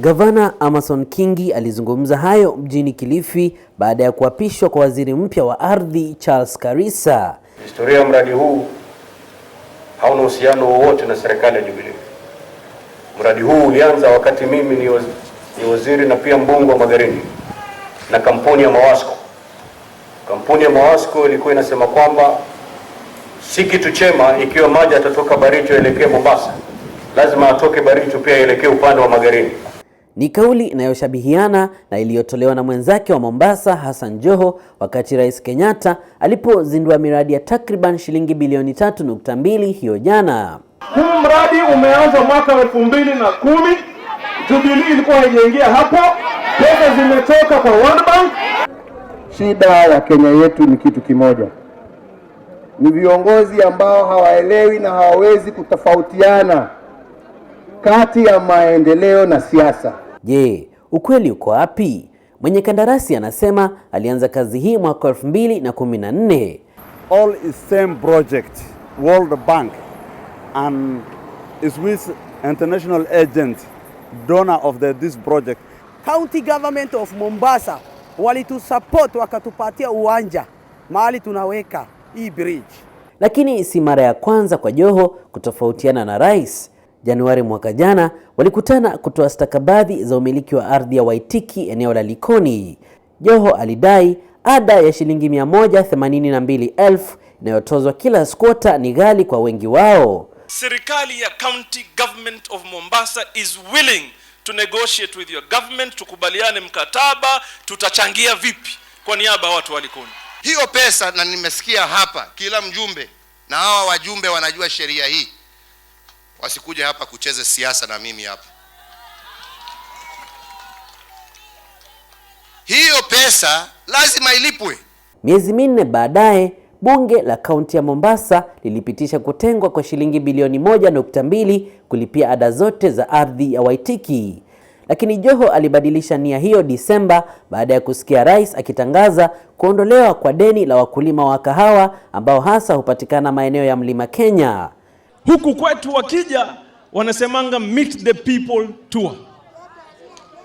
Gavana Amason Kingi alizungumza hayo mjini Kilifi baada ya kuapishwa kwa waziri mpya wa ardhi Charles Karisa. Historia ya mradi huu hauna uhusiano wowote na serikali ya Jubilee. Mradi huu ulianza wakati mimi ni waziri na pia mbunge wa Magarini na kampuni ya Mawasco. Kampuni ya Mawasco ilikuwa inasema kwamba si kitu chema ikiwa maji atatoka Baricho elekee Mombasa, lazima atoke Baricho pia elekee upande wa Magarini. Ni kauli inayoshabihiana na iliyotolewa na mwenzake wa Mombasa Hassan Joho wakati Rais Kenyatta alipozindua miradi ya takriban shilingi bilioni 3.2 nukta hiyo jana. Huu mradi umeanza mwaka elfu mbili na kumi. Jubilee ilikuwa haijaingia hapo, pesa zimetoka kwa World Bank. Shida ya Kenya yetu ni kitu kimoja, ni viongozi ambao hawaelewi na hawawezi kutofautiana kati ya maendeleo na siasa. Je, ukweli uko wapi? Mwenye kandarasi anasema alianza kazi hii mwaka 2014. All is same project, World Bank and Swiss international agent donor of the, this project. County government of Mombasa walitusupport wakatupatia uwanja mahali tunaweka hii bridge. Lakini si mara ya kwanza kwa Joho kutofautiana na rais. Januari mwaka jana walikutana kutoa stakabadhi za umiliki wa ardhi ya Waitiki eneo la Likoni. Joho alidai ada ya shilingi 182,000 inayotozwa kila skota ni ghali kwa wengi wao. Serikali ya County Government of Mombasa is willing to negotiate with your government, tukubaliane mkataba, tutachangia vipi kwa niaba ya watu wa Likoni. Hiyo pesa na nimesikia hapa kila mjumbe na hawa wajumbe wanajua sheria hii wasikuja hapa kucheze siasa na mimi hapa. Hiyo pesa lazima ilipwe. Miezi minne baadaye Bunge la kaunti ya Mombasa lilipitisha kutengwa kwa shilingi bilioni moja nukta mbili kulipia ada zote za ardhi ya Waitiki, lakini Joho alibadilisha nia hiyo Disemba baada ya kusikia rais akitangaza kuondolewa kwa deni la wakulima wa kahawa ambao hasa hupatikana maeneo ya Mlima Kenya. Huku kwetu wakija wanasemanga meet the people tour,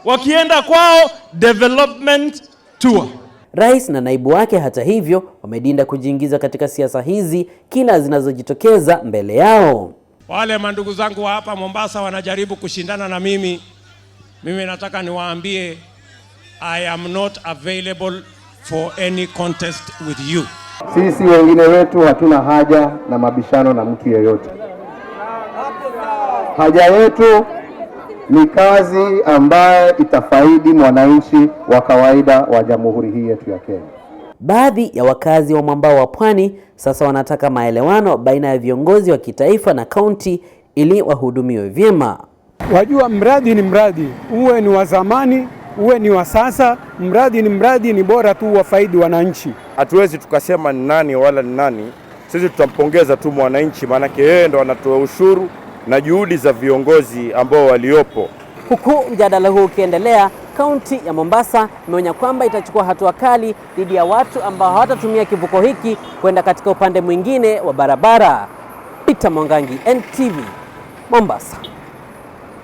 wakienda kwao development tour. Rais na naibu wake hata hivyo wamedinda kujiingiza katika siasa hizi kila zinazojitokeza mbele yao. Wale mandugu zangu wa hapa Mombasa wanajaribu kushindana na mimi. Mimi nataka niwaambie I am not available for any contest with you. Sisi wengine wetu hatuna haja na mabishano na mtu yeyote. Haja yetu ni kazi ambayo itafaidi mwananchi wa kawaida wa jamhuri hii yetu ya Kenya. Baadhi ya wakazi wa mwambao wa pwani sasa wanataka maelewano baina ya viongozi wa kitaifa na kaunti ili wahudumiwe vyema. Wajua, mradi ni mradi, uwe ni wa zamani uwe ni wa sasa, mradi ni mradi, ni bora tu wafaidi wananchi. Hatuwezi tukasema ni nani wala ni nani, sisi tutampongeza tu mwananchi, maanake yeye ndo anatoa ushuru na juhudi za viongozi ambao waliopo. Huku mjadala huu ukiendelea, kaunti ya Mombasa imeonya kwamba itachukua hatua kali dhidi ya watu ambao hawatatumia kivuko hiki kwenda katika upande mwingine wa barabara. Peter Mwangangi, NTV, Mombasa.